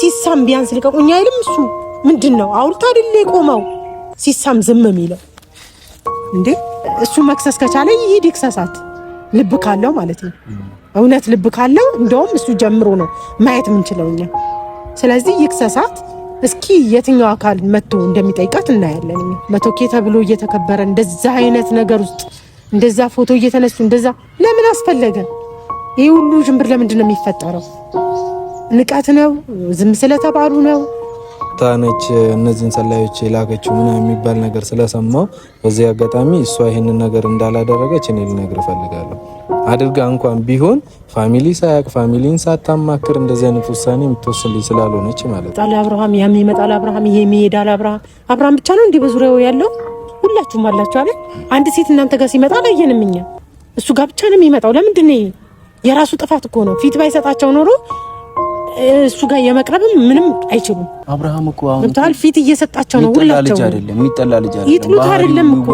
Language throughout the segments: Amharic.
ሲሳም ቢያንስ ልቀቁኝ አይልም። እሱ ምንድን ነው አውርታ አይደል የቆመው ሲሳም ዝም የሚለው እንዴ? እሱ መክሰስ ከቻለ ይሄድ ይክሰሳት፣ ልብ ካለው ማለት ነው። እውነት ልብ ካለው እንደውም እሱ ጀምሮ ነው ማየት የምንችለው እኛ። ስለዚህ ይክሰሳት እስኪ የትኛው አካል መጥቶ እንደሚጠይቃት እናያለን። መቶ ኬ ተብሎ እየተከበረ እንደዛ አይነት ነገር ውስጥ እንደዛ ፎቶ እየተነሱ እንደዛ ለምን አስፈለገ? ይህ ሁሉ ዥንብር ለምንድን ነው የሚፈጠረው? ንቀት ነው፣ ዝም ስለተባሉ ነው ታነች እነዚህን ሰላዮች የላከችው ምን የሚባል ነገር ስለሰማው በዚህ አጋጣሚ እሷ ይህንን ነገር እንዳላደረገች እኔ ልነግር እፈልጋለሁ። አድርጋ እንኳን ቢሆን ፋሚሊ ሳያቅ ፋሚሊን ሳታማክር እንደዚህ አይነት ውሳኔ የምትወስልኝ ስላልሆነች ማለት ነው። አብርሃም ያም ይመጣል፣ አብርሃም ይሄ የሚሄዳል። አብርሃም አብርሃም ብቻ ነው እንዲህ በዙሪያው ያለው ሁላችሁም አላችሁ አለ። አንድ ሴት እናንተ ጋር ሲመጣ አላየንም እኛ፣ እሱ ጋር ብቻ ነው የሚመጣው። ለምንድን ነው የራሱ ጥፋት እኮ ነው። ፊት ባይሰጣቸው ኖሮ እሱ ጋር የመቅረብም ምንም አይችሉም። አብርሃም እኮ አሁን ፊት እየሰጣቸው ነው። ሁላቸው አይደለም ይጥሉት አይደለም እኮ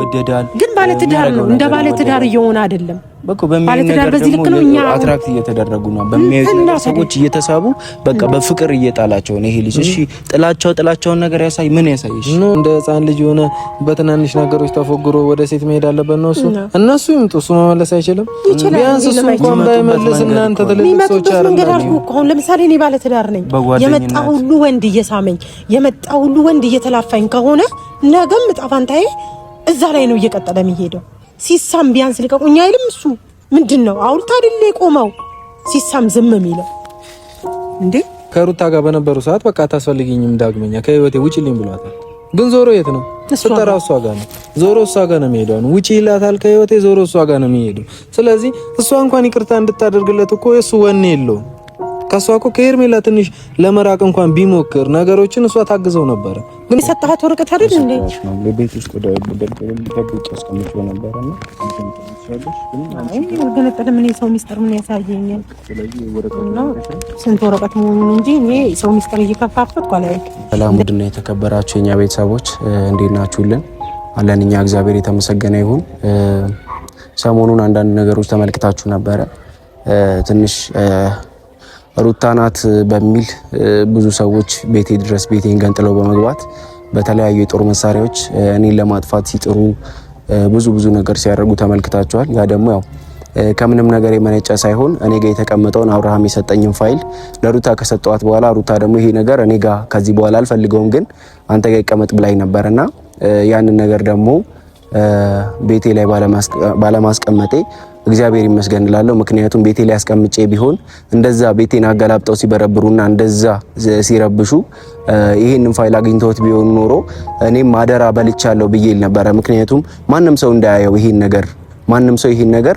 ግን ባለ ትዳር ነው። እንደ ባለ ትዳር እየሆነ አይደለም በቃ በሚያዩት ነገር ደግሞ አትራክት እየተደረጉ ነው። በሚያዩት ሰዎች እየተሳቡ በቃ በፍቅር እየጣላቸው ነው ይሄ ልጅ። እሺ ጥላቻው ጥላቻውን ነገር ያሳይ ምን ያሳይሽ? እንደ ሕፃን ልጅ የሆነ በትናንሽ ነገሮች ተፎግሮ ወደ ሴት መሄድ አለበት ነው እሱ። እነሱ ይምጡ፣ እሱ መመለስ አይችልም። ቢያንስ እሱ እንኳን ባይመለስ እናንተ ትልልቅ ሰዎች አሁን ለምሳሌ እኔ ባለ ትዳር ነኝ። የመጣ ሁሉ ወንድ እየሳመኝ፣ የመጣ ሁሉ ወንድ እየተላፋኝ ከሆነ ነገም ጣፋንታዬ እዛ ላይ ነው እየቀጠለ የሚሄደው ሲሳም ቢያንስ ልቀቁኝ አይልም። እሱ ምንድን ነው አውልታ አይደለ የቆመው ሲሳም ዝም የሚለው እንዴ? ከሩታ ጋር በነበሩ ሰዓት በቃ አታስፈልጊኝም ዳግመኛ ከህይወቴ ውጭ ልኝ ብሏታል። ግን ዞሮ የት ነው ስጠራ እሷ ጋር ነው ዞሮ እሷ ጋር ነው የሚሄደው። ውጭ ይላታል ከህይወቴ ዞሮ እሷ ጋር ነው የሚሄደው። ስለዚህ እሷ እንኳን ይቅርታ እንድታደርግለት እኮ የሱ ወኔ የለውም። ከእሷ እኮ ከሄርሜላ ትንሽ ለመራቅ እንኳን ቢሞክር ነገሮችን እሷ ታግዘው ነበረ። ግን የሰጠሃት ወረቀት አይደል እንዴ? ቤት ውስጥ ምን የሰው ሚስጥር ምን ያሳየኛል? ስንት ወረቀት መሆኑን እንጂ እኔ ሰው ሚስጥር እየከፋፈት ኳላይ። ሰላም ውድና የተከበራችሁ የኛ ቤተሰቦች እንዴት ናችሁልን? አለን እኛ እግዚአብሔር የተመሰገነ ይሁን። ሰሞኑን አንዳንድ ነገሮች ተመልክታችሁ ነበረ ትንሽ ሩታ ናት በሚል ብዙ ሰዎች ቤቴ ድረስ ቤቴን ገንጥለው በመግባት በተለያዩ የጦር መሳሪያዎች እኔን ለማጥፋት ሲጥሩ ብዙ ብዙ ነገር ሲያደርጉ ተመልክታቸዋል። ያ ደግሞ ያው ከምንም ነገር የመነጨ ሳይሆን እኔ ጋር የተቀመጠውን አብርሃም የሰጠኝን ፋይል ለሩታ ከሰጠዋት በኋላ ሩታ ደግሞ ይሄ ነገር እኔ ጋር ከዚህ በኋላ አልፈልገውም፣ ግን አንተ ጋር ይቀመጥ ብላኝ ነበር እና ያንን ነገር ደግሞ ቤቴ ላይ ባለማስቀመጤ እግዚአብሔር ይመስገን እላለሁ። ምክንያቱም ቤቴ ላይ አስቀምጬ ቢሆን እንደዛ ቤቴን አገላብጠው ሲበረብሩና እንደዛ ሲረብሹ ይህንን ፋይል አግኝተውት ቢሆን ኖሮ እኔም ማደራ በልቻለሁ ብዬ ነበረ። ምክንያቱም ማንም ሰው እንዳያየው ይህን ነገር ማንም ሰው ይህን ነገር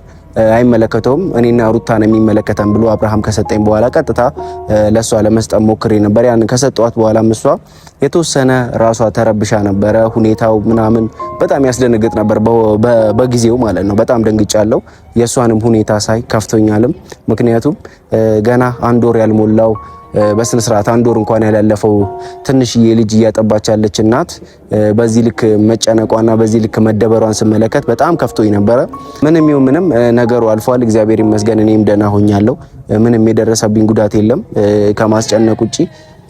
አይመለከተውም እኔና ሩታን የሚመለከተን ብሎ አብርሃም ከሰጠኝ በኋላ ቀጥታ ለእሷ ለመስጠት ሞክሬ ነበር። ያን ከሰጠዋት በኋላ እሷ የተወሰነ ራሷ ተረብሻ ነበረ። ሁኔታው ምናምን በጣም ያስደነግጥ ነበር በጊዜው ማለት ነው። በጣም ደንግጫለሁ። የእሷንም ሁኔታ ሳይ ከፍቶኛልም። ምክንያቱም ገና አንድ ወር ያልሞላው በስነ ስርዓት አንድ ወር እንኳን ያላለፈው ትንሽዬ ልጅ እያጠባች ያለች እናት በዚህ ልክ መጨነቋና በዚህ ልክ መደበሯን ስመለከት በጣም ከፍቶኝ ነበረ። ምንም ይሁን ምንም ነገሩ አልፏል፣ እግዚአብሔር ይመስገን። እኔም ደህና ሆኛለሁ። ምንም የደረሰብኝ ጉዳት የለም ከማስጨነቅ ውጭ።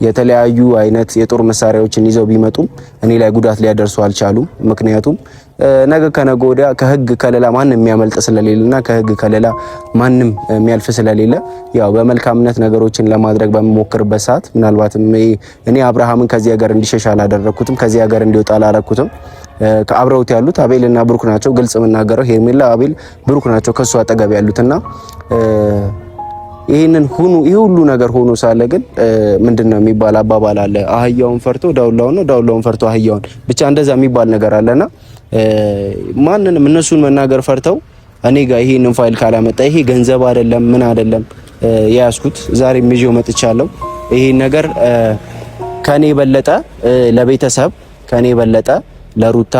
የተለያዩ አይነት የጦር መሳሪያዎችን ይዘው ቢመጡም እኔ ላይ ጉዳት ሊያደርሱ አልቻሉም። ምክንያቱም ነገ ከነገ ወዲያ ከህግ ከለላ ማንም የሚያመልጥ ስለሌለና ከህግ ከለላ ማንም የሚያልፍ ስለሌለ ያው በመልካምነት ነገሮችን ለማድረግ በሚሞክርበት ሰዓት ምናልባትም እኔ አብርሃምን ከዚህ ሀገር እንዲሸሽ አላደረግኩትም፣ ከዚህ ሀገር እንዲወጣ አላረግኩትም። ከአብረውት ያሉት አቤልና ብሩክ ናቸው። ግልጽ የምናገረው ሄርሜላ፣ አቤል፣ ብሩክ ናቸው ከእሱ አጠገብ ያሉትና ይህንን ሁኑ ይህ ሁሉ ነገር ሆኖ ሳለ ግን ምንድን ነው የሚባል አባባል አለ። አህያውን ፈርቶ ዳውላውን፣ ዳውላውን ፈርቶ አህያውን። ብቻ እንደዛ የሚባል ነገር አለና ማንንም እነሱን መናገር ፈርተው እኔ ጋር ይሄንን ፋይል ካላመጣ ይሄ ገንዘብ አይደለም ምን አይደለም የያዝኩት ዛሬ ይዤው መጥቻለሁ። ይሄን ነገር ከኔ የበለጠ ለቤተሰብ ከኔ የበለጠ ለሩታ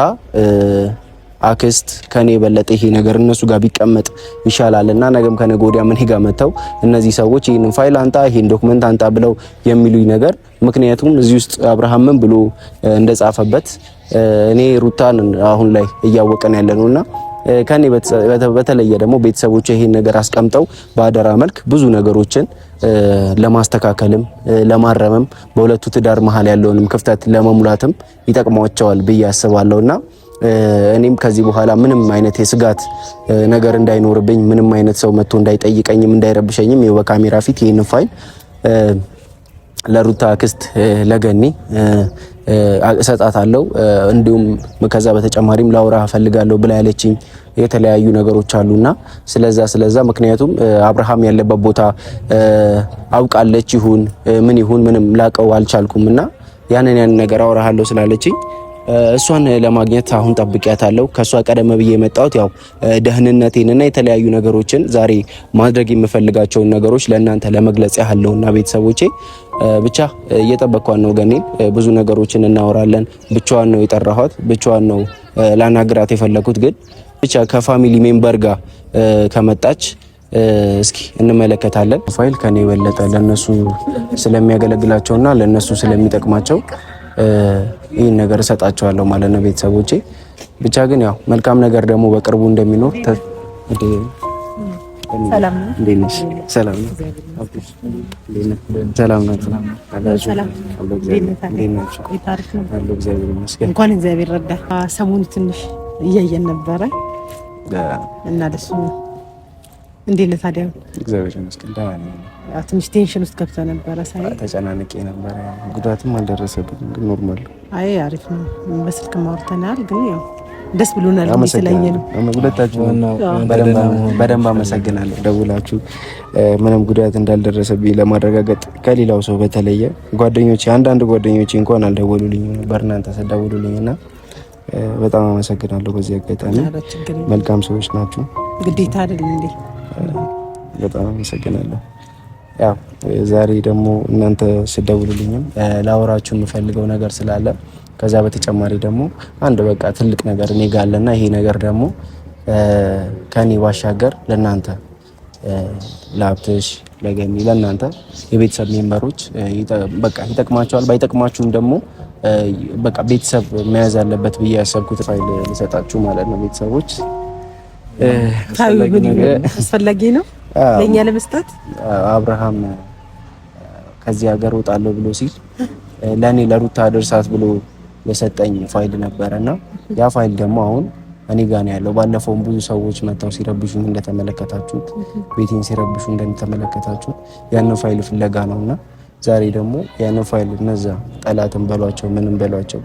አክስት ከኔ የበለጠ ይሄ ነገር እነሱ ጋር ቢቀመጥ ይሻላል እና ነገም ከነገ ወዲያ ምን ጋር መጥተው እነዚህ ሰዎች ይህንን ፋይል አንጣ፣ ይህን ዶክመንት አንጣ ብለው የሚሉኝ ነገር ምክንያቱም እዚህ ውስጥ አብርሃምን ብሎ እንደጻፈበት እኔ ሩታን አሁን ላይ እያወቀን ያለ ነው እና ከኔ በተለየ ደግሞ ቤተሰቦች ይሄን ነገር አስቀምጠው በአደራ መልክ ብዙ ነገሮችን ለማስተካከልም ለማረምም በሁለቱ ትዳር መሀል ያለውንም ክፍተት ለመሙላትም ይጠቅማቸዋል ብዬ አስባለሁና እኔም ከዚህ በኋላ ምንም አይነት የስጋት ነገር እንዳይኖርብኝ ምንም አይነት ሰው መጥቶ እንዳይጠይቀኝም እንዳይረብሸኝም ይኸው በካሜራ ፊት ይህን ፋይል ለሩታ ክስት ለገኒ እሰጣታለሁ። እንዲሁም ከዛ በተጨማሪም ላውራ እፈልጋለሁ ብላ ያለችኝ የተለያዩ ነገሮች አሉና ስለዛ ስለዛ ምክንያቱም አብርሃም ያለበት ቦታ አውቃለች። ይሁን ምን ይሁን ምንም ላቀው አልቻልኩም እና ያንን ያንን ነገር አውራሃለሁ ስላለችኝ እሷን ለማግኘት አሁን ጠብቂያታለሁ። ከእሷ ቀደም ብዬ የመጣሁት ያው ደህንነቴን እና የተለያዩ ነገሮችን ዛሬ ማድረግ የምፈልጋቸውን ነገሮች ለእናንተ ለመግለጽ ያህል ቤተሰቦቼ ብቻ እየጠበቅኳን ነው። ገኔ ብዙ ነገሮችን እናወራለን። ብቻዋን ነው የጠራኋት፣ ብቻዋን ነው ላናግራት የፈለኩት። ግን ብቻ ከፋሚሊ ሜምበር ጋር ከመጣች እስኪ እንመለከታለን። ፋይል ከኔ የበለጠ ለነሱ ስለሚያገለግላቸውና ለነሱ ስለሚጠቅማቸው ይህን ነገር እሰጣቸዋለሁ ማለት ነው ቤተሰቦቼ። ብቻ ግን ያው መልካም ነገር ደግሞ በቅርቡ እንደሚኖር ሰላም እንኳን እግዚአብሔር ረዳ። ሰሞኑ ትንሽ እያየን ነበረ እና ደሱ እንዴት ነህ ታዲያ? እግዚአብሔር ይመስገን ደህና ነኝ። ትንሽ ቴንሽን ውስጥ ገብተህ ነበረ ሳይ ተጨናንቄ ነበረ። ጉዳትም አልደረሰብኝም ግን ኖርማል። አይ አሪፍ ነው። በስልክ ማውርተናል ግን ያው ደስ ብሎናል። ስለየነው ሁለታችሁ በደንብ አመሰግናለሁ። ደውላችሁ ምንም ጉዳት እንዳልደረሰብኝ ለማረጋገጥ ከሌላው ሰው በተለየ ጓደኞቼ፣ አንዳንድ ጓደኞቼ እንኳን አልደወሉልኝ ነበር እናንተ ስደውሉልኝ እና በጣም አመሰግናለሁ። በዚህ አጋጣሚ መልካም ሰዎች ናችሁ። ግዴታ አይደል እንዴ በጣም አመሰግናለሁ። ያው ዛሬ ደግሞ እናንተ ስደውሉልኝም ላወራችሁ የምፈልገው ነገር ስላለ ከዛ በተጨማሪ ደግሞ አንድ በቃ ትልቅ ነገር እኔ ጋር አለና ይሄ ነገር ደግሞ ከኔ ባሻገር ለእናንተ ለሀብትሽ፣ ለገሚ፣ ለእናንተ የቤተሰብ ሜምበሮች በቃ ይጠቅማቸዋል። ባይጠቅማችሁም ደግሞ በቃ ቤተሰብ መያዝ አለበት ብዬ ያሰብኩት ፋይል ልሰጣችሁ ማለት ነው ቤተሰቦች አስፈላጊ ነው ለእኛ ለመስጠት። አብርሃም ከዚህ ሀገር እወጣለሁ ብሎ ሲል ለእኔ ለሩታ ደርሳት ብሎ የሰጠኝ ፋይል ነበረ እና ያ ፋይል ደግሞ አሁን እኔ ጋ ነው ያለው። ባለፈውም ብዙ ሰዎች መጥተው ሲረብሹ እንደተመለከታችሁት፣ ቤቴን ሲረብሹ እንደተመለከታችሁት ያንን ፋይል ፍለጋ ነው እና ዛሬ ደግሞ ያንን ፋይል እነዛ ጠላትን በሏቸው ምንም በሏቸው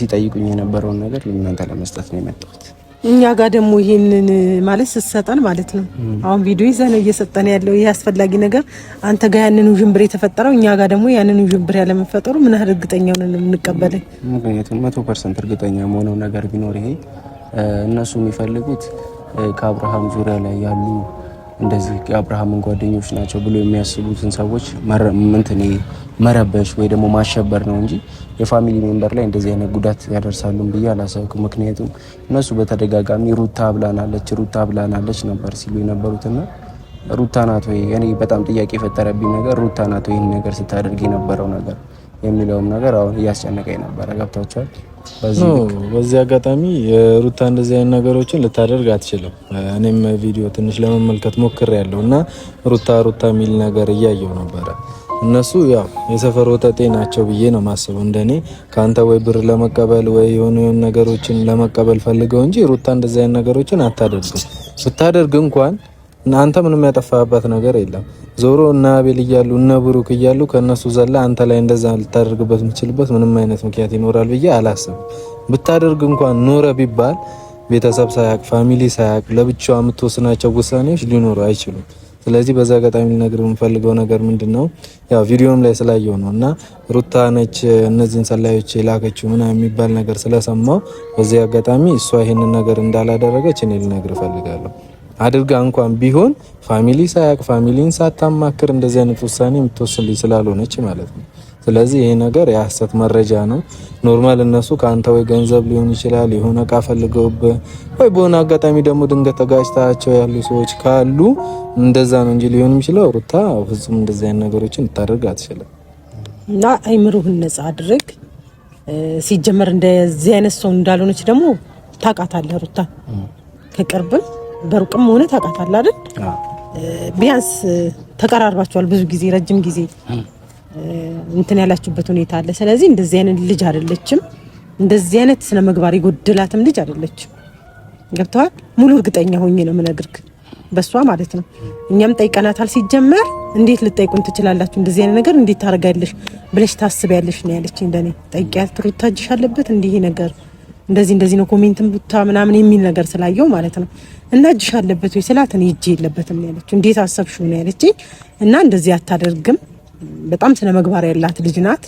ሲጠይቁኝ የነበረውን ነገር ለእናንተ ለመስጠት ነው የመጣሁት። እኛ ጋር ደግሞ ይሄንን ማለት ስትሰጠን ማለት ነው። አሁን ቪዲዮ ይዘህ ነው እየሰጠን ያለው ይሄ አስፈላጊ ነገር። አንተ ጋር ያንን ውዥንብር የተፈጠረው እኛ ጋር ደግሞ ያንን ውዥንብር ያለመፈጠሩ ምን ያህል እርግጠኛ ሆነን ምክንያቱም መቶ ፐርሰንት እርግጠኛ መሆነው ነገር ቢኖር ይሄ እነሱ የሚፈልጉት ከአብርሃም ዙሪያ ላይ ያሉ እንደዚህ የአብርሃምን ጓደኞች ናቸው ብሎ የሚያስቡትን ሰዎች መረበሽ ወይ ደግሞ ማሸበር ነው እንጂ የፋሚሊ ሜምበር ላይ እንደዚህ አይነት ጉዳት ያደርሳሉ ብዬ አላሰብኩም። ምክንያቱም እነሱ በተደጋጋሚ ሩታ ብላናለች፣ ሩታ ብላናለች ነበር ሲሉ የነበሩትና ሩታ ናት ወይ እኔ በጣም ጥያቄ የፈጠረብኝ ነገር ሩታ ናት ወይ ይህን ነገር ስታደርግ የነበረው ነገር የሚለውም ነገር አሁን እያስጨነቀኝ ነበረ። ገብታችኋል? በዚህ አጋጣሚ ሩታ እንደዚህ አይነት ነገሮችን ልታደርግ አትችልም። እኔም ቪዲዮ ትንሽ ለመመልከት ሞክር ያለው እና ሩታ ሩታ የሚል ነገር እያየው ነበረ እነሱ ያው የሰፈር ወጠጤ ናቸው ብዬ ነው ማስበው። እንደኔ ከአንተ ወይ ብር ለመቀበል ወይ የሆኑ ነገሮችን ለመቀበል ፈልገው እንጂ ሩታ እንደዚህ አይነት ነገሮችን አታደርግም። ብታደርግ እንኳን አንተ ምንም ያጠፋህባት ነገር የለም። ዞሮ እነ አቤል እያሉ እነ ብሩክ እያሉ ከእነሱ ዘላ አንተ ላይ እንደዛ ልታደርግበት የምችልበት ምንም አይነት ምክንያት ይኖራል ብዬ አላስብም። ብታደርግ እንኳን ኖረ ቢባል ቤተሰብ ሳያቅ ፋሚሊ ሳያቅ ለብቻዋ የምትወስናቸው ውሳኔዎች ሊኖሩ አይችሉም። ስለዚህ በዛ አጋጣሚ ልነግር የምፈልገው ነገር ምንድን ነው፣ ያው ቪዲዮም ላይ ስላየው ነው እና ሩታ ነች እነዚህን ሰላዮች የላከችው ምናምን የሚባል ነገር ስለሰማው በዚህ አጋጣሚ እሷ ይህንን ነገር እንዳላደረገች እኔ ልነግር እፈልጋለሁ። አድርጋ እንኳን ቢሆን ፋሚሊ ሳያቅ ፋሚሊን ሳታማክር እንደዚህ አይነት ውሳኔ የምትወስን ልጅ ስላልሆነች ማለት ነው። ስለዚህ ይሄ ነገር የሐሰት መረጃ ነው። ኖርማል እነሱ ከአንተ ወይ ገንዘብ ሊሆን ይችላል የሆነ እቃ ፈልገውብህ ወይ በሆነ አጋጣሚ ደግሞ ድንገት ተጋጭታቸው ያሉ ሰዎች ካሉ እንደዛ ነው እንጂ ሊሆን የሚችለው ሩታ ፍጹም እንደዚህ አይነት ነገሮችን ልታደርግ አትችልም። እና አይምሮህን ነጻ አድርግ። ሲጀመር እንደዚህ አይነት ሰው እንዳልሆነች ደግሞ ታውቃታለህ። ሩታ ከቅርብም በሩቅም ሆነ ታውቃታለህ አይደል? ቢያንስ ተቀራርባችኋል ብዙ ጊዜ ረጅም ጊዜ እንትን ያላችሁበት ሁኔታ አለ። ስለዚህ እንደዚህ አይነት ልጅ አይደለችም። እንደዚህ አይነት ስነ ምግባር የጎደላትም ልጅ አይደለችም። ገብተዋል። ሙሉ እርግጠኛ ሆኜ ነው የምነግርህ በሷ ማለት ነው። እኛም ጠይቀናታል። ሲጀመር እንዴት ልጠይቁን ትችላላችሁ? እንደዚህ አይነት ነገር እንዴት ታደርጋለሽ ብለሽ ታስቢያለሽ ነው ያለች። እንደኔ ጠይቂያት፣ ሩታ አለበት እንዲህ ነገር እንደዚህ እንደዚህ ነው ኮሜንትን ቡታ ምናምን የሚል ነገር ስላየው ማለት ነው። እና እጅሽ አለበት ወይ ስላት እኔ እጄ የለበትም ነው ያለች። እንዴት አሰብሽው ነው ያለች። እና እንደዚህ አታደርግም በጣም ስነ መግባር ያላት ልጅ ናት።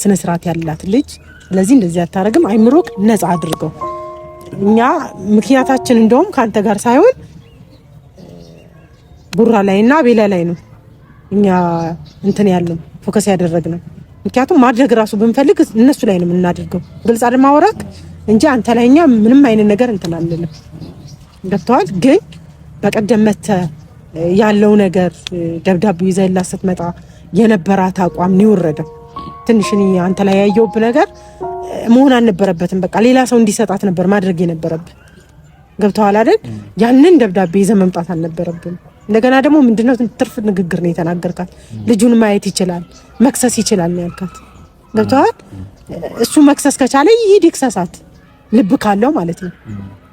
ስነ ስርዓት ያላት ልጅ። ስለዚህ እንደዚህ አታረግም። አይምሮክ ነፃ አድርገው። እኛ ምክንያታችን እንደውም ከአንተ ጋር ሳይሆን ቡራ እና ቤላ ላይ ነው እኛ እንትን ያለው ፎከስ ነው። ምክንያቱም ማድረግ ራሱ ብንፈልግ እነሱ ላይ ነው የምናደርገው። ግልጽ አለማውረክ እንጂ አንተ ላይ እኛ ምንም አይነት ነገር እንትን አንልም። ገብተዋል። ግን በቀደም መተህ ያለው ነገር ደብዳቤው ይዘህላት ስትመጣ የነበራት አቋም ነው የወረደው። ትንሽ አንተ ላይ ያየውብ ነገር መሆን አልነበረበትም። በቃ ሌላ ሰው እንዲሰጣት ነበር ማድረግ የነበረብን። ገብተዋል አይደል? ያንን ደብዳቤ ይዘህ መምጣት አልነበረብን። እንደገና ደግሞ ምንድነው ትርፍ ንግግር ነው የተናገርካት። ልጁን ማየት ይችላል መክሰስ ይችላል ነው ያልካት። ገብተዋል? እሱ መክሰስ ከቻለ ይሄድ ይክሰሳት፣ ልብ ካለው ማለት ነው።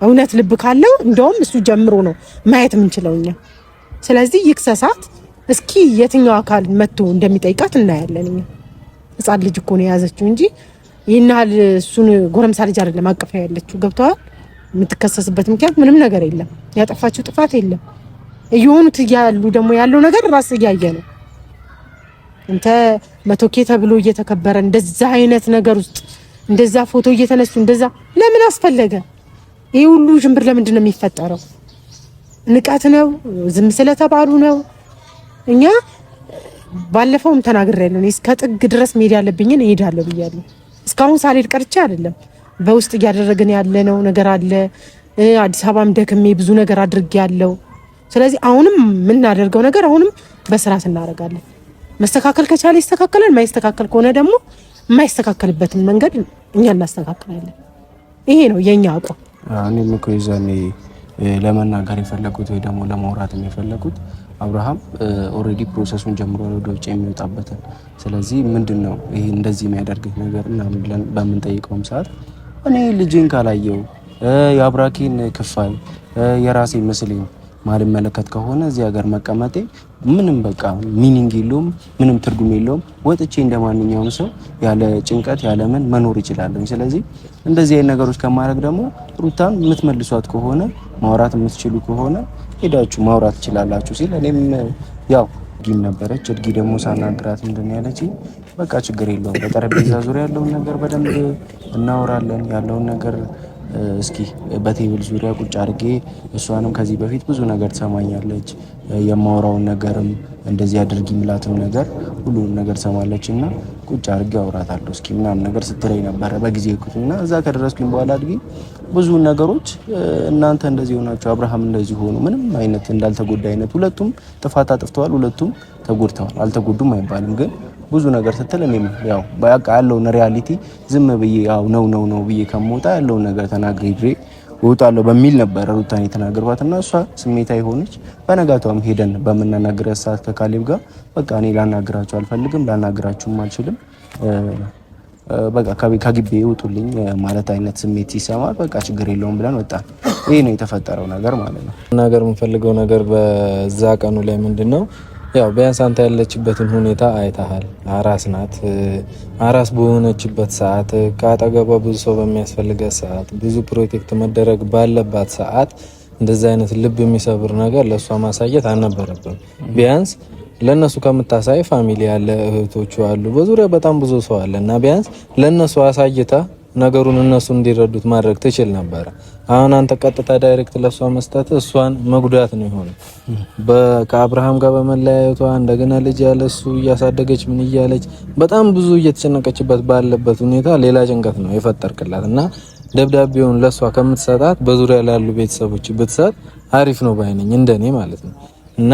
እውነት ልብ ካለው እንደውም እሱ ጀምሮ ነው ማየት የምንችለው እኛ ስለዚህ ይክሰሳት። እስኪ የትኛው አካል መጥቶ እንደሚጠይቃት እናያለን። ህፃን ልጅ እኮ ነው የያዘችው እንጂ ይህን ያህል እሱን ጎረምሳ ልጅ አይደለም አቅፋ ያለችው። ገብተዋል። የምትከሰስበት ምክንያት ምንም ነገር የለም። ያጠፋችው ጥፋት የለም። እየሆኑት እያሉ ደግሞ ያለው ነገር ራስ እያየ ነው። እንተ መቶኬ ተብሎ እየተከበረ እንደዛ አይነት ነገር ውስጥ እንደዛ ፎቶ እየተነሱ እንደዛ ለምን አስፈለገ? ይህ ሁሉ ሽምብር ለምንድን ነው የሚፈጠረው? ንቀት ነው፣ ዝም ስለተባሉ ነው። እኛ ባለፈውም ተናግሬያለሁ። እስከ ጥግ ድረስ መሄድ ያለብኝን እሄዳለሁ ብያለሁ። እስካሁን ሳልሄድ ቀርቼ አይደለም። በውስጥ እያደረግን ያለነው ነገር አለ። አዲስ አበባም ደክሜ ብዙ ነገር አድርጌ ያለው። ስለዚህ አሁንም የምናደርገው ነገር አሁንም በስራ እናደርጋለን። መስተካከል ከቻለ ይስተካከላል። ማይስተካከል ከሆነ ደግሞ የማይስተካከልበትን መንገድ እኛ እናስተካክላለን። ይሄ ነው የእኛ አቋም። እኔም እኮ የዛኔ ለመናገር የፈለኩት ወይ ደግሞ ለማውራት የፈለኩት አብርሃም ኦልሬዲ ፕሮሰሱን ጀምሮ ወደ ውጭ የሚወጣበትን ስለዚህ ምንድን ነው ይሄ እንደዚህ የሚያደርግህ ነገር ምናምን ብለን በምንጠይቀውም ሰዓት እኔ ልጅን ካላየው የአብራኬን ክፋይ የራሴ ምስሌን ማልመለከት ከሆነ እዚህ ሀገር መቀመጤ ምንም በቃ ሚኒንግ የለውም፣ ምንም ትርጉም የለውም። ወጥቼ እንደ ማንኛውም ሰው ያለ ጭንቀት ያለ ምን መኖር ይችላለሁ። ስለዚህ እንደዚህ አይነት ነገሮች ከማድረግ ደግሞ ሩታን የምትመልሷት ከሆነ ማውራት የምትችሉ ከሆነ ሄዳችሁ ማውራት ትችላላችሁ ሲል እኔም ያው እድጊም ነበረች። እድጊ ደግሞ ሳናግራት ምንድን ነው ያለችኝ? በቃ ችግር የለውም በጠረጴዛ ዙሪያ ያለውን ነገር በደንብ እናወራለን ያለውን ነገር እስኪ በቴብል ዙሪያ ቁጭ አድርጌ እሷንም ከዚህ በፊት ብዙ ነገር ትሰማኛለች። የማወራውን ነገርም እንደዚህ አድርጊ የምላትም ነገር ሁሉንም ነገር ትሰማለች እና ቁጭ አድርጌ አውራታለሁ እስኪ ምናምን ነገር ስትለኝ ነበረ። በጊዜ እና እዛ ከደረስኩኝ በኋላ አድጊ ብዙ ነገሮች እናንተ እንደዚህ ሆናችሁ፣ አብርሃም እንደዚህ ሆኑ፣ ምንም አይነት እንዳልተጎዳ አይነት ሁለቱም ጥፋት አጥፍተዋል፣ ሁለቱም ተጎድተዋል። አልተጎዱም አይባልም ግን ብዙ ነገር ስትል እኔም ያው በቃ ያለውን ሪያሊቲ ዝም ብዬ ያው ነው ነው ነው ብዬ ከመውጣ ያለውን ነገር ተናግሬ እወጣለሁ በሚል ነበረ ሩታን የተናገርኳት እና እሷ ስሜታዊ ሆነች። በነጋቷም ሄደን በምናናገረ ሰዓት ከካሌብ ጋር በቃ እኔ ላናግራችሁ አልፈልግም፣ ላናግራችሁም አልችልም፣ በቃ ከግቤ ይውጡልኝ ማለት አይነት ስሜት ይሰማል። በቃ ችግር የለውም ብለን ወጣን። ይህ ነው የተፈጠረው ነገር ማለት ነው። ነገር የምፈልገው ነገር በዛ ቀኑ ላይ ምንድን ነው ያው ቢያንስ አንተ ያለችበትን ሁኔታ አይተሃል። አራስ ናት። አራስ በሆነችበት ሰዓት ከአጠገቧ ብዙ ሰው በሚያስፈልገት ሰዓት ብዙ ፕሮቴክት መደረግ ባለባት ሰዓት እንደዚህ አይነት ልብ የሚሰብር ነገር ለእሷ ማሳየት አልነበረብም። ቢያንስ ለእነሱ ከምታሳይ ፋሚሊ ያለ እህቶቹ አሉ፣ በዙሪያ በጣም ብዙ ሰው አለ እና ቢያንስ ለእነሱ አሳይታ ነገሩን እነሱ እንዲረዱት ማድረግ ትችል ነበረ። አሁን አንተ ቀጥታ ዳይሬክት ለሷ መስጠት እሷን መጉዳት ነው የሆነ። ከአብርሃም ጋር በመለያየቷ እንደገና ልጅ ያለሱ እያሳደገች ምን እያለች በጣም ብዙ እየተጨነቀችበት ባለበት ሁኔታ ሌላ ጭንቀት ነው የፈጠርክላት እና ደብዳቤውን ለሷ ከምትሰጣት በዙሪያ ላሉ ቤተሰቦች ብትሰጥ አሪፍ ነው ባይነኝ፣ እንደኔ ማለት ነው። እና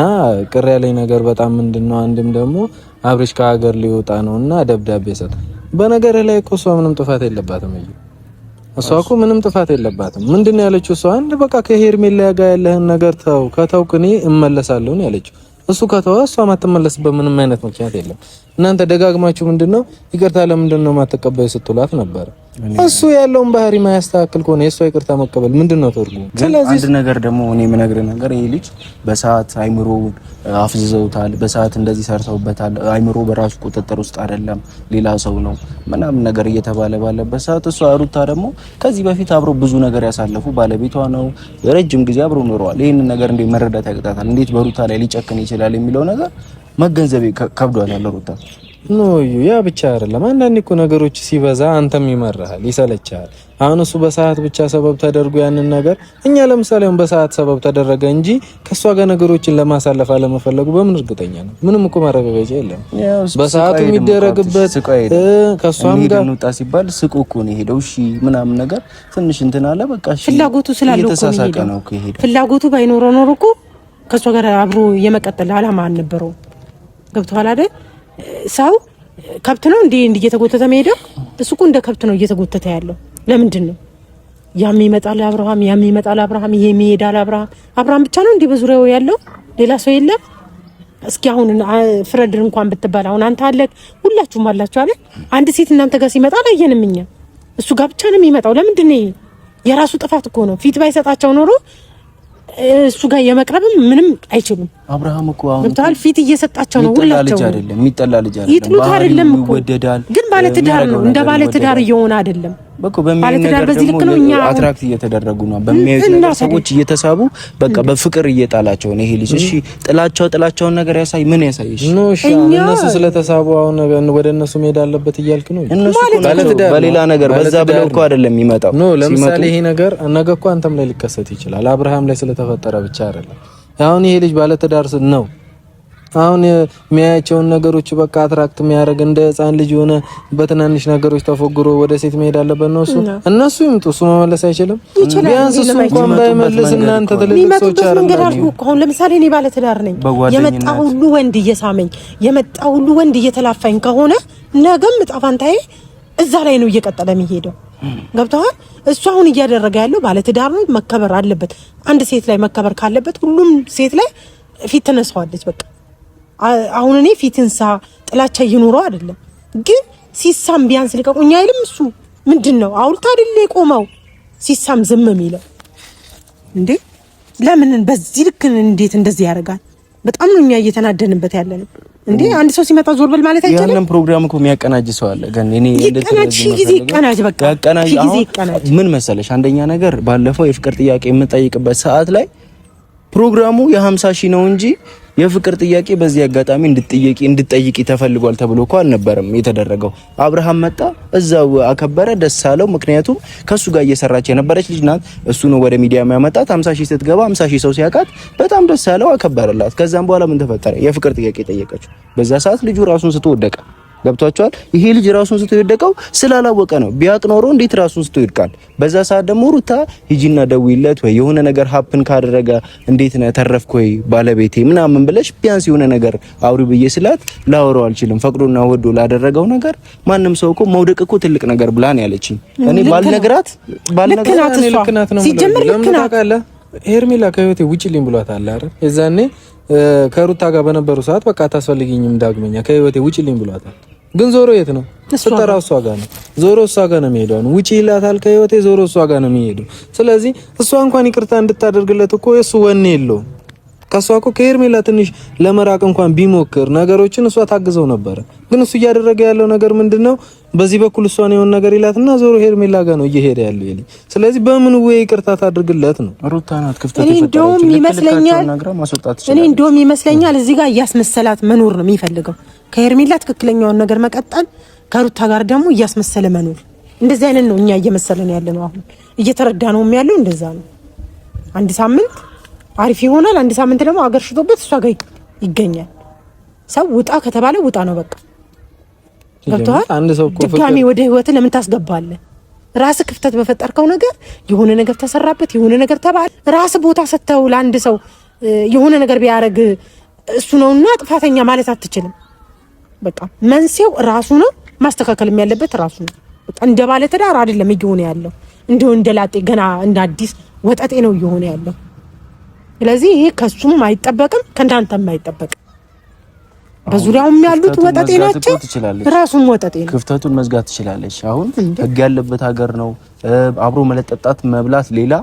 ቅር ያለኝ ነገር በጣም ምንድነው፣ አንድም ደግሞ አብርሽ ከሀገር ሊወጣ ነውና ደብዳቤ ሰጥ በነገር ላይ እኮ እሷ ምንም ጥፋት የለባትም። እዩ እሷ እኮ ምንም ጥፋት የለባትም። ምንድነው ያለችው? እሷ አንድ በቃ ከሄርሜላ ጋር ያለህን ነገር ተው፣ ከተውክ እኔ እመለሳለሁ ነው ያለችው። እሱ ከተዋ እሷ ማትመለስበት ምንም አይነት ምክንያት የለም። እናንተ ደጋግማችሁ ምንድነው ይቅርታ ለምንድነው ማትቀበዩ ስትሏት ነበር። እሱ ያለውን ባህሪ ማያስተካክል ከሆነ የእሷ ይቅርታ መቀበል ምንድን ነው ተርጉ? ስለዚህ አንድ ነገር ደግሞ እኔ የምነግርህ ነገር ይህ ልጅ በሰዓት አይምሮ አፍዝዘውታል፣ በሰዓት እንደዚህ ሰርተውበታል፣ አይምሮ በራሱ ቁጥጥር ውስጥ አይደለም፣ ሌላ ሰው ነው ምናምን ነገር እየተባለ ባለበት ሰዓት እሷ ሩታ ደግሞ ከዚህ በፊት አብሮ ብዙ ነገር ያሳለፉ ባለቤቷ ነው፣ ረጅም ጊዜ አብሮ ኖረዋል። ይህንን ነገር እንዴት መረዳት ያቅጣታል? እንዴት በሩታ ላይ ሊጨክን ይችላል የሚለው ነገር መገንዘብ ያለ ሩታ ኖ ያ ብቻ አይደለም። አንዳንዴ እኮ ነገሮች ሲበዛ አንተም ይመራሃል፣ ይሰለቻል። አሁን እሱ በሰዓት ብቻ ሰበብ ተደርጎ ያንን ነገር እኛ ለምሳሌ አሁን በሰዓት ሰበብ ተደረገ እንጂ ከእሷ ጋር ነገሮችን ለማሳለፍ አለመፈለጉ በምን እርግጠኛ ነው? ምንም እኮ ማረጋገጫ የለም። በሰዓቱ የሚደረግበት ከእሷም ጋር እንውጣ ሲባል ስቁ እኮ ነው የሄደው። እሺ ምናምን ነገር ትንሽ እንትን አለ። በቃ ፍላጎቱ ስላለው እኮ ነው የሄደው። ፍላጎቱ ባይኖረው ኖሮ እኮ ከእሷ ጋር አብሮ የመቀጠል አላማ አልነበረውም። ገብቶሃል አይደል? ሰው ከብት ነው እንዲህ እየተጎተተ መሄደው? እሱ እኮ እንደ ከብት ነው እየተጎተተ ያለው። ለምንድን ነው ያም ይመጣል አብርሃም፣ ያም ይመጣል አብርሃም፣ ይሄ ይሄዳል አብርሃም። አብርሃም ብቻ ነው እንዲህ በዙሪያው ያለው? ሌላ ሰው የለም? እስኪ አሁን ፍረድ እንኳን ብትባል አሁን አንተ አለ ሁላችሁም አላችሁ አለ። አንድ ሴት እናንተ ጋር ሲመጣ አላየንም እኛ፣ እሱ ጋር ብቻ ነው የሚመጣው። ለምንድን ነው የራሱ ጥፋት እኮ ነው። ፊት ባይሰጣቸው ኖሮ እሱ ጋር የመቅረብም ምንም አይችሉም። አብርሃም እኮ አሁን ፊት እየሰጣቸው ነው። ሁላቸው የሚጠላ ልጅ አይደለም፣ ይጥሉት አይደለም እኮ ይወደዳል። ግን ባለ ትዳር ነው፣ እንደ ባለ ትዳር እየሆነ አይደለም በቃ በሚያዩት ነገር ደግሞ አትራክት እየተደረጉ ነው። በሚያዩት ነገር ሰዎች እየተሳቡ በቃ በፍቅር እየጣላቸው ነው ይሄ ልጅ። እሺ ጥላቸው ጥላቸውን ነገር ያሳይ ምን ያሳይሽ? እነሱ ስለተሳቡ አሁን ወደ እነሱ መሄድ አለበት እያልክ ነው። እነሱ በሌላ ነገር በዛ ብለው እኮ አይደለም የሚመጣው። ለምሳሌ ይሄ ነገር ነገ እኮ አንተም ላይ ሊከሰት ይችላል። አብርሃም ላይ ስለተፈጠረ ብቻ አይደለም አሁን ይሄ ልጅ ባለትዳር ነው። አሁን የሚያያቸውን ነገሮች በቃ አትራክት የሚያደርግ እንደ ሕፃን ልጅ የሆነ በትናንሽ ነገሮች ተፎግሮ ወደ ሴት መሄድ አለበት ነው እሱ። እነሱ ይምጡ፣ እሱ መመለስ አይችልም። ቢያንስ እሱ እንኳን ባይመልስ እናንተ ትልልቅ ሰዎች አሁን ለምሳሌ እኔ ባለትዳር ነኝ። የመጣ ሁሉ ወንድ እየሳመኝ የመጣ ሁሉ ወንድ እየተላፋኝ ከሆነ ነገም ጣፋንታዬ እዛ ላይ ነው እየቀጠለ የሚሄደው። ገብተዋል። እሱ አሁን እያደረገ ያለው ባለትዳር ነው፣ መከበር አለበት። አንድ ሴት ላይ መከበር ካለበት ሁሉም ሴት ላይ ፊት ትነሳዋለች። በቃ አሁን እኔ ፊት እንሳ ጥላቻ እየኖረው አይደለም፣ ግን ሲሳም ቢያንስ ልቀቁኝ አይልም። እሱ ምንድን ነው አውልታ አይደለ የቆመው ሲሳም ዝም የሚለው እንዴ? ለምን በዚህ ልክ እንዴት እንደዚህ ያደርጋል? በጣም ነው እኛ እየተናደንበት ያለ እንዴ አንድ ሰው ሲመጣ ዞር በል ማለት አይቻልም። ያንን ፕሮግራም እኮ የሚያቀናጅ ሰው አለ። ግን እኔ ይቀናጅ ጊዜ ይቀናጅ በቃ ያቀናጅ። አሁን ምን መሰለሽ፣ አንደኛ ነገር ባለፈው የፍቅር ጥያቄ የምንጠይቅበት ሰዓት ላይ ፕሮግራሙ የ50 ሺህ ነው እንጂ የፍቅር ጥያቄ በዚህ አጋጣሚ እንድትጠይቂ እንድትጠይቂ ተፈልጓል ተብሎ እኮ አልነበረም የተደረገው። አብርሃም መጣ፣ እዛው አከበረ፣ ደስ አለው። ምክንያቱም ከሱ ጋር እየሰራች የነበረች ልጅ ናት። እሱ ነው ወደ ሚዲያ የሚያመጣት። 50 ሺህ ስትገባ 50 ሺህ ሰው ሲያውቃት በጣም ደስ አለው፣ አከበረላት። ከዛም በኋላ ምን ተፈጠረ? የፍቅር ጥያቄ ጠየቀችው። በዛ ሰዓት ልጁ ራሱን ስትወደቀ ገብቷቸዋል። ይሄ ልጅ ራሱን ስቶ የወደቀው ስላላወቀ ነው። ቢያቅ ኖሮ እንዴት ራሱን ስቶ ይወድቃል? በዛ ሰዓት ደግሞ ሩታ ሂጂና ደውይለት ወይ የሆነ ነገር ሀፕን ካደረገ እንዴት ነህ ተረፍክ ወይ ባለቤቴ ምናምን ብለሽ ቢያንስ የሆነ ነገር አውሪ ብዬ ስላት ላወራው አልችልም። ፈቅዶና ወዶ ላደረገው ነገር ማንም ሰው እኮ መውደቅ እኮ ትልቅ ነገር ብላ ነው ያለችኝ። እኔ ባልነግራት ባልነግራት ልክ ናት ነው ሲጀምር ልክ ናት ሄርሜላ ከህይወቴ ውጪልኝ ብሏታል አይደል የዛኔ ከሩታ ጋር በነበሩ ሰዓት በቃ አታስፈልጊኝም ዳግመኛ ከህይወቴ ውጪልኝ ብሏታል ግን ዞሮ የት ነው? ስጠራው እሷ ጋር ነው። ዞሮ እሷ ጋር ነው የሚሄደው። ውጪ ይላታል ከህይወቴ። ዞሮ እሷ ጋር ነው የሚሄደው። ስለዚህ እሷ እንኳን ይቅርታ እንድታደርግለት እኮ የሱ ወኔ የለውም። ከእሷ እኮ ከሄርሜላ ትንሽ ለመራቅ እንኳን ቢሞክር ነገሮችን እሷ ታግዘው ነበረ። ግን እሱ እያደረገ ያለው ነገር ምንድን ነው? በዚህ በኩል እሷን የሆነ ነገር ይላትና ዞሮ ሄርሜላ ጋር ነው እየሄደ ያለው ይል። ስለዚህ በምን ወይ ይቅርታ ታድርግለት ነው። ሩታ ናት ክፍተት እኔ እንደውም ይመስለኛል እኔ እንደውም ይመስለኛል እዚህ ጋር እያስመሰላት መኖር ነው የሚፈልገው። ከሄርሜላ ትክክለኛውን ነገር መቀጠል፣ ከሩታ ጋር ደግሞ እያስመሰለ መኖር። እንደዚህ አይነት ነው እኛ እየመሰለን ያለ ነው አሁን እየተረዳ ነው ያለው። እንደዛ ነው አንድ ሳምንት አሪፍ ይሆናል። አንድ ሳምንት ደግሞ አገር ሽቶበት እሷ ጋር ይገኛል። ሰው ውጣ ከተባለ ውጣ ነው በቃ ገብተዋል። ድጋሚ ወደ ህይወት ለምን ታስገባለህ? ራስ ክፍተት በፈጠርከው ነገር የሆነ ነገር ተሰራበት፣ የሆነ ነገር ተባለ። ራስ ቦታ ሰጥተው ለአንድ ሰው የሆነ ነገር ቢያደርግ እሱ ነውና ጥፋተኛ ማለት አትችልም። በቃ መንስኤው ራሱ ነው፣ ማስተካከልም ያለበት ራሱ ነው። በቃ እንደ ባለ ትዳር አይደለም እየሆነ ያለው እንደው እንደ ላጤ ገና እንደ አዲስ ወጠጤ ነው እየሆነ ያለው። ስለዚህ ይሄ ከሱም አይጠበቅም ከእንዳንተም አይጠበቅም። በዙሪያውም ያሉት ወጠጤ ናቸው። ራሱም ወጠጤ ነው። ክፍተቱን መዝጋት ትችላለች። አሁን ህግ ያለበት ሀገር ነው። አብሮ መለጠጣት መብላት ሌላ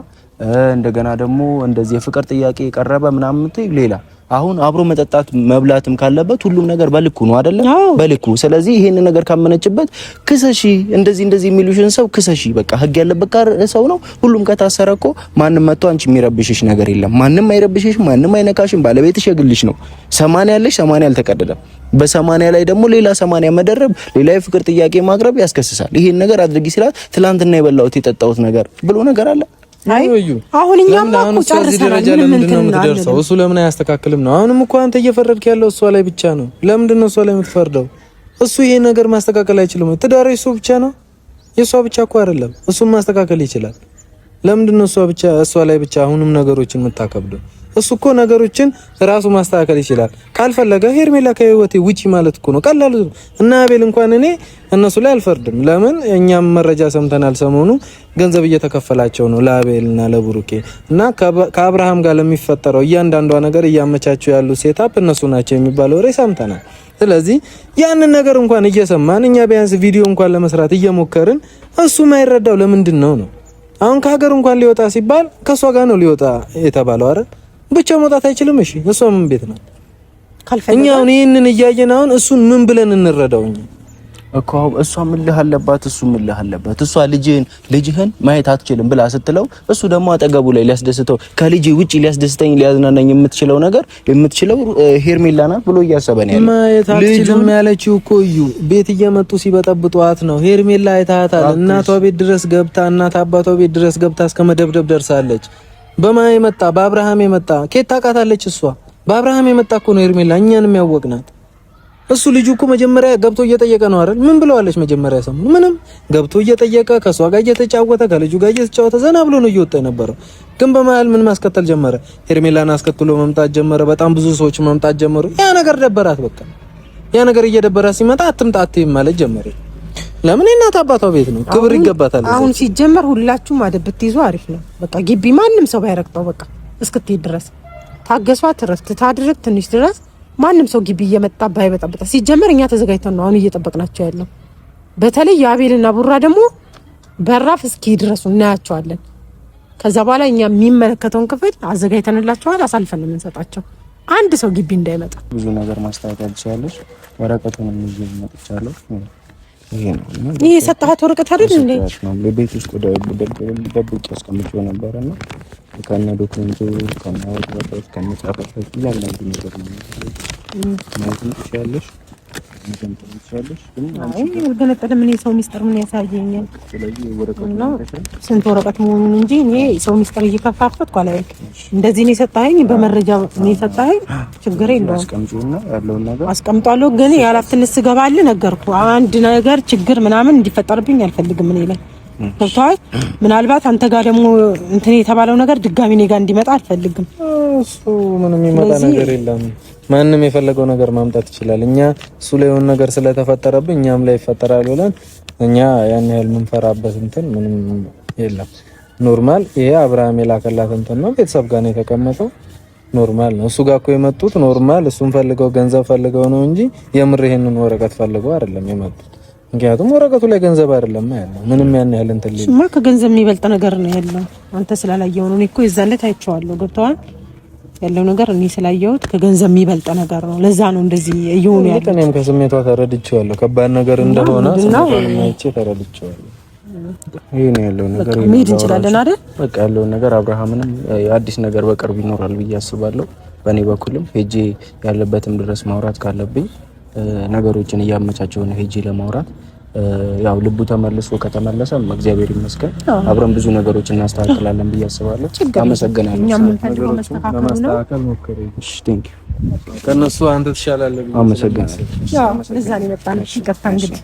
እንደገና ደግሞ እንደዚህ የፍቅር ጥያቄ የቀረበ ምናምን ሌላ። አሁን አብሮ መጠጣት መብላትም ካለበት ሁሉም ነገር በልኩ ነው አይደለም? በልኩ። ስለዚህ ይሄን ነገር ካመነችበት ክሰሺ፣ እንደዚህ እንደዚህ የሚሉሽን ሰው ክሰሺ። በቃ ህግ ያለበት ጋር ሰው ነው። ሁሉም ከታሰረ እኮ ማንም መጥቶ አንቺ የሚረብሽሽ ነገር የለም። ማንም አይረብሽሽ፣ ማንም አይነካሽም። ባለቤትሽ የግልሽ ነው። ሰማንያ ያለሽ ሰማንያ አልተቀደደም። በሰማንያ ላይ ደግሞ ሌላ ሰማንያ መደረብ፣ ሌላ የፍቅር ጥያቄ ማቅረብ ያስከስሳል። ይሄን ነገር አድርጊ ሲላት ትላንትና የበላሁት የጠጣሁት ነገር ብሎ ነገር አለ አሁን እኛም እኮ ጨርሰናል። ምንም የምትደርሰው እሱ ለምን አያስተካክልም ነው። አሁንም እኮ አንተ እየፈረድክ ያለው እሷ ላይ ብቻ ነው። ለምንድን ነው እሷ ላይ የምትፈርደው? እሱ ይሄን ነገር ማስተካከል አይችልም። ትዳሩ የሱ ብቻ ነው፣ የእሷ ብቻ እኮ አይደለም። እሱን ማስተካከል ይችላል። ለምንድን ነው እሷ ብቻ እሷ ላይ ብቻ አሁንም ነገሮችን የምታከብደው? እሱ እኮ ነገሮችን ራሱ ማስተካከል ይችላል። ካልፈለገ ሄርሜላ ከህይወቴ ውጪ ማለት እኮ ነው። ቀላል እና አቤል እንኳን እኔ እነሱ ላይ አልፈርድም። ለምን እኛም መረጃ ሰምተናል። ሰሞኑ ገንዘብ እየተከፈላቸው ነው ለአቤልና ለብሩኬ እና ከአብርሃም ጋር ለሚፈጠረው እያንዳንዷ ነገር እያመቻቸው ያሉ ሴታፕ እነሱ ናቸው የሚባለው ወሬ ሰምተናል። ስለዚህ ያንን ነገር እንኳን እየሰማን እኛ ቢያንስ ቪዲዮ እንኳን ለመስራት እየሞከርን እሱ ማይረዳው ለምንድን ነው ነው አሁን ከሀገር እንኳን ሊወጣ ሲባል ከእሷ ጋር ነው ሊወጣ የተባለው አይደል? ብቻ መውጣት አይችልም። እሺ እሷ ምን ቤት ናት? እኛ አሁን ይህንን እያየን አሁን እሱን ምን ብለን እንረዳው? እኮ እሷ ምን ልህ አለባት፣ እሱ ምን ልህ እሷ ልጅህን ልጅህን ማየት አትችልም ብላ ስትለው እሱ ደግሞ አጠገቡ ላይ ሊያስደስተው ከልጅ ውጪ ሊያስደስተኝ ሊያዝናናኝ የምትችለው ነገር የምትችለው ሄርሜላ ናት ብሎ እያሰበ ነው ያለው። ማየት አትችልም ያለችው እኮ እዩ ቤት እየመጡ ሲበጠብጧት ነው። ሄርሜላ አይታታል። እናቷ ቤት ድረስ ገብታ እናት አባቷ ቤት ድረስ ገብታ እስከ መደብደብ ደርሳለች። በማ የመጣ በአብርሃም የመጣ ኬት ታውቃታለች እሷ በአብርሃም የመጣ እኮ ነው ሄርሜላ እኛን የሚያወቅናት እሱ ልጁ እኮ መጀመሪያ ገብቶ እየጠየቀ ነው አይደል? ምን ብለዋለች መጀመሪያ ሰሞኑን? ምንም ገብቶ እየጠየቀ ከሷ ጋር እየተጫወተ ከልጁ ጋር እየተጫወተ ዘና ብሎ ነው እየወጣ የነበረው። ግን በመሀል ምን ማስከተል ጀመረ? ሄርሜላን አስከትሎ መምጣት ጀመረ። በጣም ብዙ ሰዎች መምጣት ጀመሩ። ያ ነገር ደበራት። በቃ ያ ነገር እየደበራት ሲመጣ አትምጣ አትይም ማለት ጀመረ። ለምን የእናት አባቷ ቤት ነው፣ ክብር ይገባታል። አሁን ሲጀመር ሁላችሁም አደብ ብትይዙ አሪፍ ነው። በቃ ግቢ ማንም ሰው ባይረግጠው በቃ እስክትሄድ ድረስ ታገሷት፣ እረፍት ታድርግ ትንሽ ድረስ ማንም ሰው ግቢ እየመጣ ባይበጣበጣ። ሲጀመር እኛ ተዘጋጅተን ነው አሁን እየጠበቅናቸው ያለው። በተለይ የአቤልና ቡራ ደግሞ በራፍ እስኪ ድረሱ እናያቸዋለን። ከዛ በኋላ እኛ የሚመለከተውን ክፍል አዘጋጅተንላቸዋል። አሳልፈን የምንሰጣቸው አንድ ሰው ግቢ እንዳይመጣ ብዙ ነገር ማስተካከል ትችላለች። ወረቀቱን ይዤ መጥቻለሁ። ይሄ የሰጠሃት ወረቀት አይደል ቤት ውስጥ ደብቄ አስቀምጬው ነበር እና ከነ ዶክመንቱ ከነ ወረቀቶች ከነ ጻፈቶች እያንዳንዱ ነገር ነው ማለት ገነጠለ ምን የሰው ሚስጥር ምን ያሳየኛል? ስንት ወረቀት መሆኑን እንጂ እኔ ሰው ሚስጥር እየከፋፈትኩ አለ እንደዚህ ነው በመረጃ ነው ችግር የለውም አስቀምጧለሁ። ግን ስገባልህ ነገርኩ። አንድ ነገር ችግር ምናምን እንዲፈጠርብኝ አልፈልግም እኔ ላይ ገብቶሃል። ምናልባት አንተ ጋር ደግሞ እንትን የተባለው ነገር ድጋሚ እኔ ጋር እንዲመጣ አልፈልግም። እሱ ምንም የሚመጣ ነገር የለም። ማንም የፈለገው ነገር ማምጣት ይችላል። እኛ እሱ ላይ የሆነ ነገር ስለተፈጠረብን እኛም ላይ ይፈጠራል ብለን እኛ ያን ያህል የምንፈራበት እንትን ምንም የለም። ኖርማል። ይሄ አብርሃም የላከላት እንትን ነው። ቤተሰብ ጋር ነው የተቀመጠው። ኖርማል ነው። እሱ ጋር እኮ የመጡት ኖርማል፣ እሱን ፈልገው ገንዘብ ፈልገው ነው እንጂ የምር ይሄንን ወረቀት ፈልገው አይደለም የመጡት ምክንያቱም ወረቀቱ ላይ ገንዘብ አይደለም ያለው። ምንም ያን ያህል እንትን እሱማ ከገንዘብ የሚበልጥ ነገር ነው ያለው። አንተ ስላላየው ነው። እኔ እኮ የዛን ዕለት አይቼዋለሁ። ገብተዋል ያለው ነገር እኔ ስላየሁት ከገንዘብ የሚበልጥ ነገር ነው። ለዛ ነው እንደዚህ እየሆኑ ያለው። እኔም ከስሜቷ ተረድቼዋለሁ። ከባድ ነገር እንደሆነ ስሜቷንም አይቼ ተረድቼዋለሁ። ይሄ ነው ያለው ነገር። መሄድ እንችላለን አይደል? በቃ ያለውን ነገር አብርሃምንም አዲስ ነገር በቅርብ ይኖራል ብዬ አስባለሁ። በእኔ በኩልም ሄጄ ያለበትም ድረስ ማውራት ካለብኝ ነገሮችን እያመቻቸውን ሄጂ ለማውራት ያው ልቡ ተመልሶ ከተመለሰ እግዚአብሔር ይመስገን አብረን ብዙ ነገሮች እናስተካክላለን ብዬ አስባለሁ። አመሰግናለሁ። ለማስተካከል አንተ ትሻላለህ። አመሰግናለሁ። እዛ ነው የመጣነው። ይቅርታ እንግዲህ